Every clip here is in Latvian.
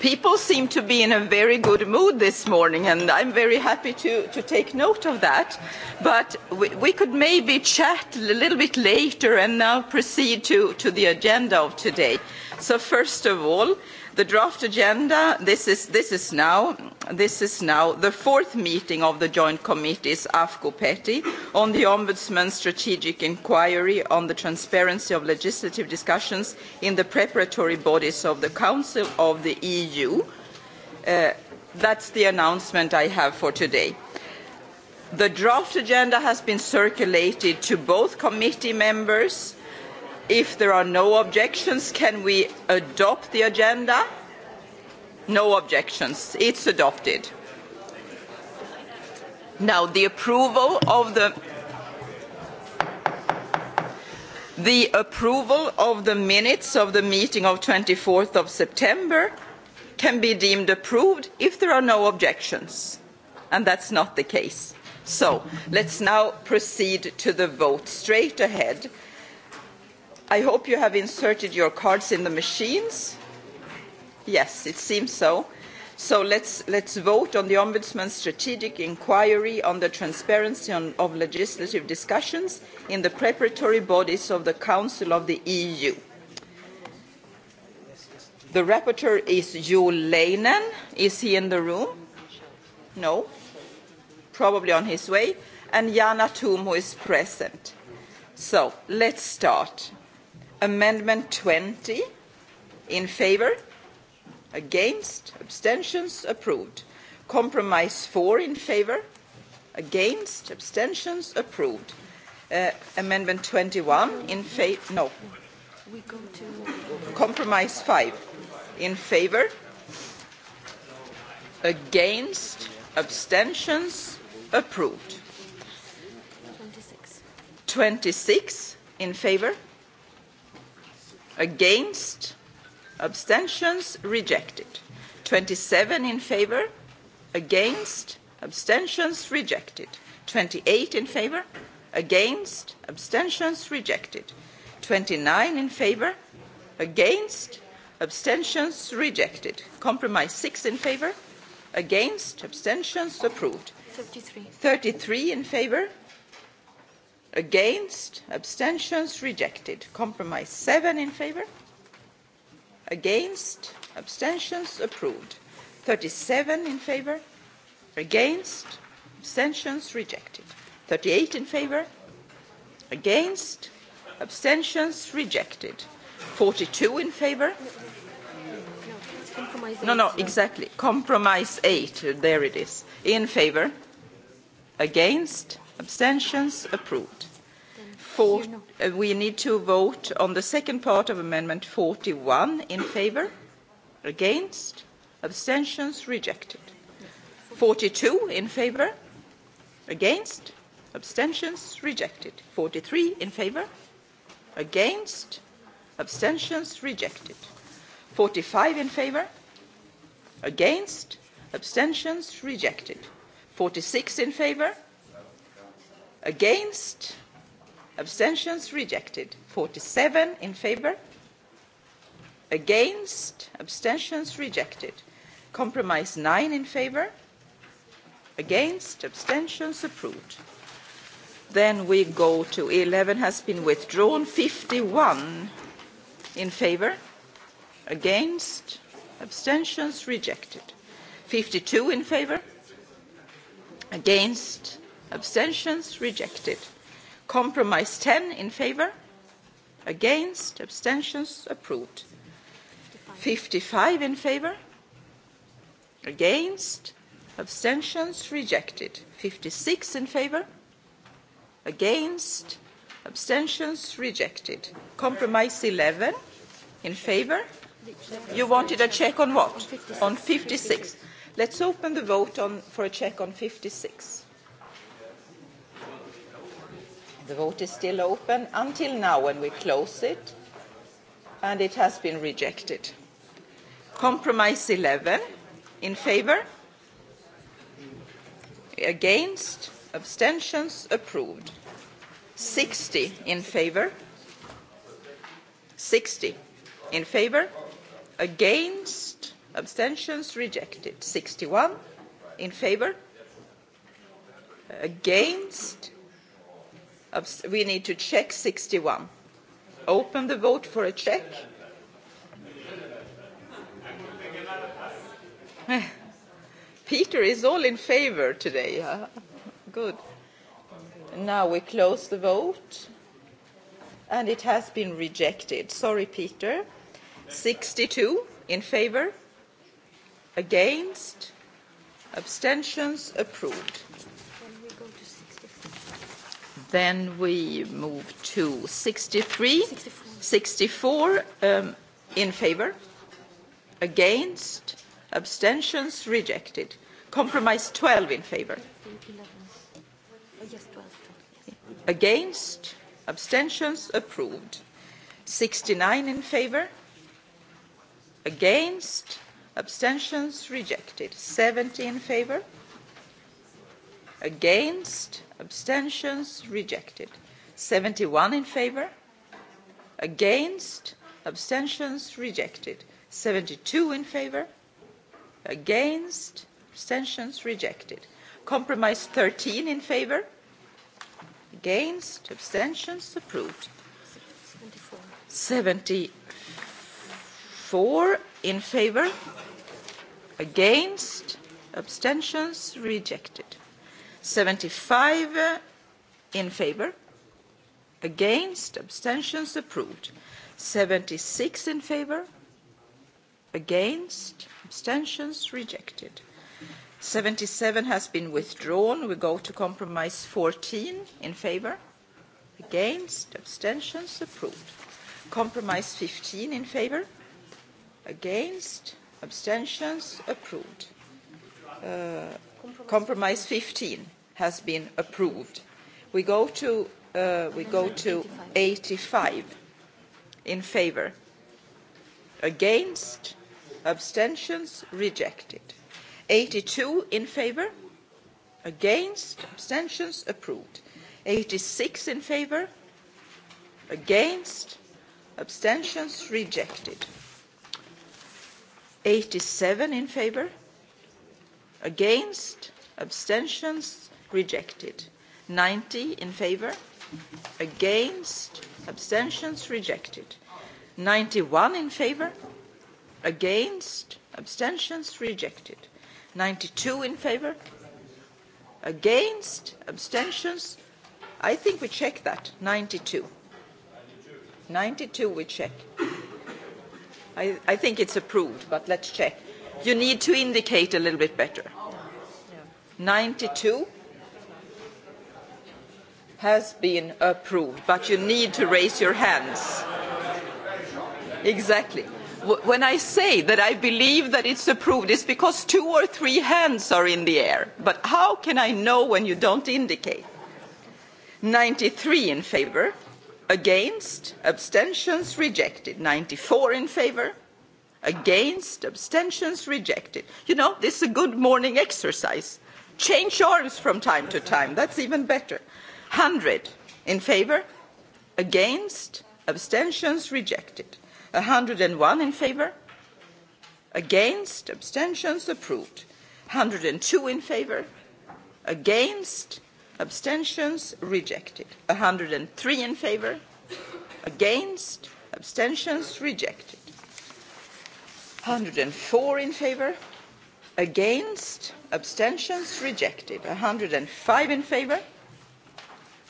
people seem to be in a very good mood this morning, and I'm very happy to, to take note of that. But we, we could maybe chat a little bit later and now proceed to, to the agenda of today so first of all the draft agenda this is, this is, now, this is now the fourth meeting of the joint committees afco peti on the ombudsman's strategic inquiry on the transparency of legislative discussions in the preparatory bodies of the council of the eu uh, that's the announcement i have for today the draft agenda has been circulated to both committee members If there are no objections, can we adopt the agenda? No objections. It's adopted. Now, the approval of the the approval of the minutes of the meeting of 24th of September can be deemed approved if there are no objections. And that's not the case. So let's now proceed to the vote straight ahead. I hope you have inserted your cards in the machines. Yes, it seems so. So let's, let's vote on the Ombudsman's strategic inquiry on the transparency on, of legislative discussions in the preparatory bodies of the Council of the EU. The rapporteur is Jo Leinen. Is he in the room? No. Probably on his way. And Jana Thum, who is present. So let's start. Amendment 20 in favor, against, abstentions approved. Compromise 4 in favor, against, abstentions approved. Uh, amendment 21 in favor, no. We go to compromise 5 in favor, against, abstentions approved. 26 in favor, against abstentions rejected 27 in favor against abstentions rejected 28 in favor against abstentions rejected 29 in favor against abstentions rejected compromise 6 in favor against abstentions approved 33 33 in favor against abstentions rejected compromise seven in favor against abstentions approved thirty seven in favor against abstentions rejected thirty eight in favor against abstentions rejected forty two in favor no no exactly compromise eight there it is in favor against abstentions approved Four, uh, we need to vote on the second part of amendment 41 in favor against abstentions rejected 42 in favor against abstentions rejected 43 in favor against abstentions rejected 45 in favor against abstentions rejected 46 in favor against abstentions rejected 47 in favor against abstentions rejected compromise 9 in favor against abstentions approved then we go to 11 has been withdrawn 51 in favor against abstentions rejected 52 in favor against abstentions rejected compromise 10 in favor against abstentions approved 55 in favor against abstentions rejected 56 in favor against abstentions rejected compromise 11 in favor you wanted a check on what on 56 let's open the vote on for a check on 56 The vote is still open until now when we close it, and it has been rejected. Compromise 11, in favor? Against? Abstentions? Approved. 60 in favor? 60 in favor? Against? Abstentions? Rejected. 61 in favor? Against? we need to check 61 open the vote for a check Peter is all in favor today huh? good and now we close the vote and it has been rejected sorry Peter 62 in favor against abstentions approved Then we move to 63. 64. 64 um, in favor, against, abstentions, rejected. Compromise 12 in favor. 11. Oh, yes, 12, 12, yes. Against, abstentions, approved. 69 in favor, against, abstentions, rejected. 70 in favor, against, against abstentions rejected 71 in favor against abstentions rejected 72 in favor against abstentions rejected compromise 13 in favor against abstentions approved 74 in favor against abstentions rejected 75 in favor against abstentions approved 76 in favor against abstentions rejected 77 has been withdrawn we go to compromise 14 in favor against abstentions approved compromise 15 in favor against abstentions approved uh, compromise 15 has been approved. We go to, uh, we go to 85 in favour. Against, abstentions, rejected. 82 in favour. Against, abstentions, approved. 86 in favour. Against, abstentions, rejected. 87 in favour. Against, abstentions, rejected. 90 in favor, against, abstentions rejected. 91 in favor, against, abstentions rejected. 92 in favor, against, abstentions. I think we check that. 92. 92 we check. I, I think it's approved, but let's check. You need to indicate a little bit better. 92 has been approved, but you need to raise your hands. Exactly. When I say that I believe that it's approved, it's because two or three hands are in the air. But how can I know when you don't indicate? 93 in favor, against, abstentions rejected. 94 in favor, against, abstentions rejected. You know, this is a good morning exercise. Change arms from time to time. That's even better. 100 in favor against abstentions rejected 101 in favor against abstentions approved 102 in favor against abstentions rejected 103 in favor against abstentions rejected 104 in favor against abstentions rejected 105 in favor against,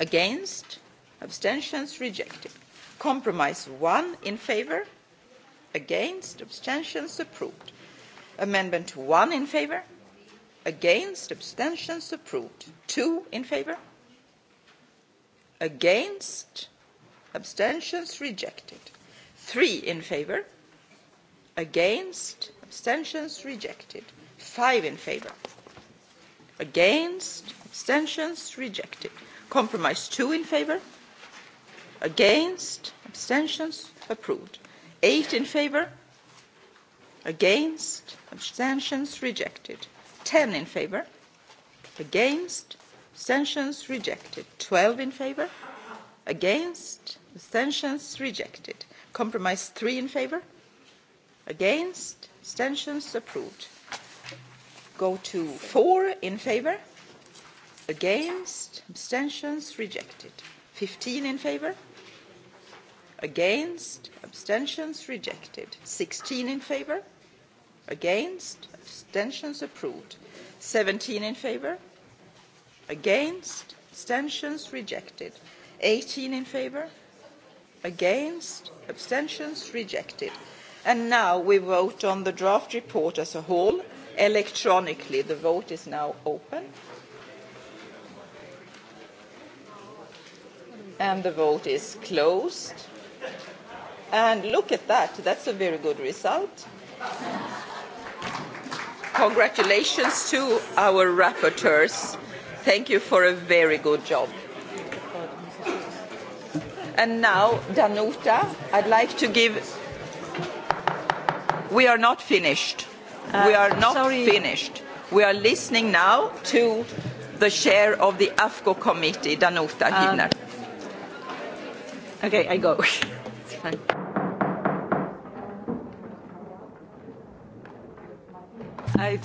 against abstentions rejected compromise one in favor against abstentions approved amendment one in favor against abstentions approved two in favor against abstentions rejected three in favor against abstentions rejected five in favor against abstentions rejected compromise two in favour against abstentions approved eight in favour against abstentions rejected ten in favour against abstentions rejected twelve in favour against abstentions rejected compromise three in favour against abstentions approved go to four in favour against abstentions rejected 15 in favor against abstentions rejected 16 in favor against abstentions approved 17 in favor against abstentions rejected 18 in favor against abstentions rejected and now we vote on the draft report as a whole electronically the vote is now open and the vote is closed. And look at that, that's a very good result. Congratulations to our rapporteurs. Thank you for a very good job. And now, Danuta, I'd like to give. We are not finished. Uh, we are not sorry. finished. We are listening now to the chair of the AFCO committee, Danuta Hübner. Uh, um, Okay, I go. it's fine. I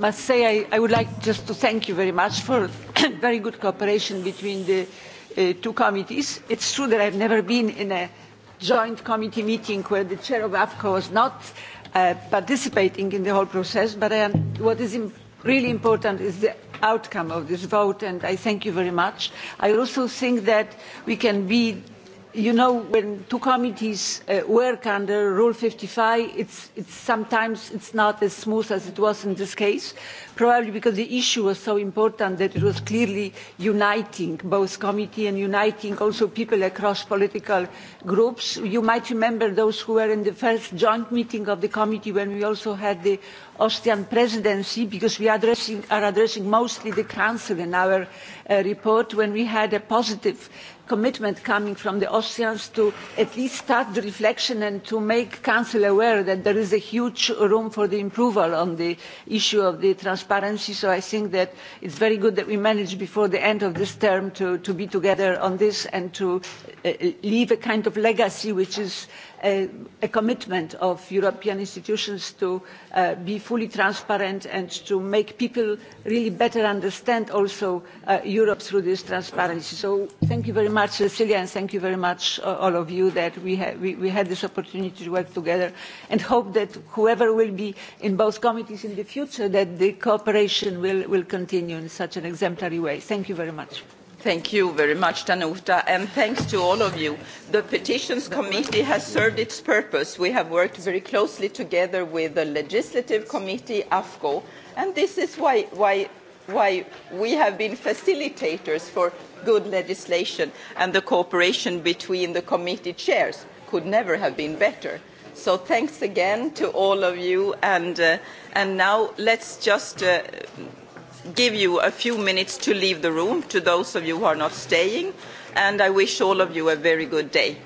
must say I, I would like just to thank you very much for very good cooperation between the uh, two committees. It's true that I've never been in a joint committee meeting where the chair of AFCO was not uh, participating in the whole process, but I am, um, what is imp really important is the outcome of this vote, and I thank you very much. I also think that we can be you know, when two committees uh, work under Rule 55, it's, it's sometimes it's not as smooth as it was in this case, probably because the issue was so important that it was clearly uniting both committee and uniting also people across political groups. You might remember those who were in the first joint meeting of the committee when we also had the Austrian presidency, because we are addressing, are addressing mostly the Council in our uh, report, when we had a positive commitment coming from the Austrians to at least start the reflection and to make Council aware that there is a huge room for the improval on the issue of the transparency. So I think that it's very good that we managed before the end of this term to, to be together on this and to uh, uh leave a kind of legacy which is uh, a, a commitment of European institutions to uh, be fully transparent and to make people really better understand also uh, Europe through this transparency. So thank you very much, Cecilia, and thank you very much, uh, all of you, that we, ha we, we had this opportunity to work together and hope that whoever will be in both committees in the future, that the cooperation will, will continue in such an exemplary way. Thank you very much. Thank you very much, Danuta, and thanks to all of you. The Petitions Committee has served its purpose. We have worked very closely together with the Legislative Committee, AFCO, and this is why, why, why we have been facilitators for good legislation, and the cooperation between the committee chairs could never have been better. So thanks again to all of you, and, uh, and now let's just... Uh, give you a few minutes to leave the room to those of you who are not staying, and I wish all of you a very good day.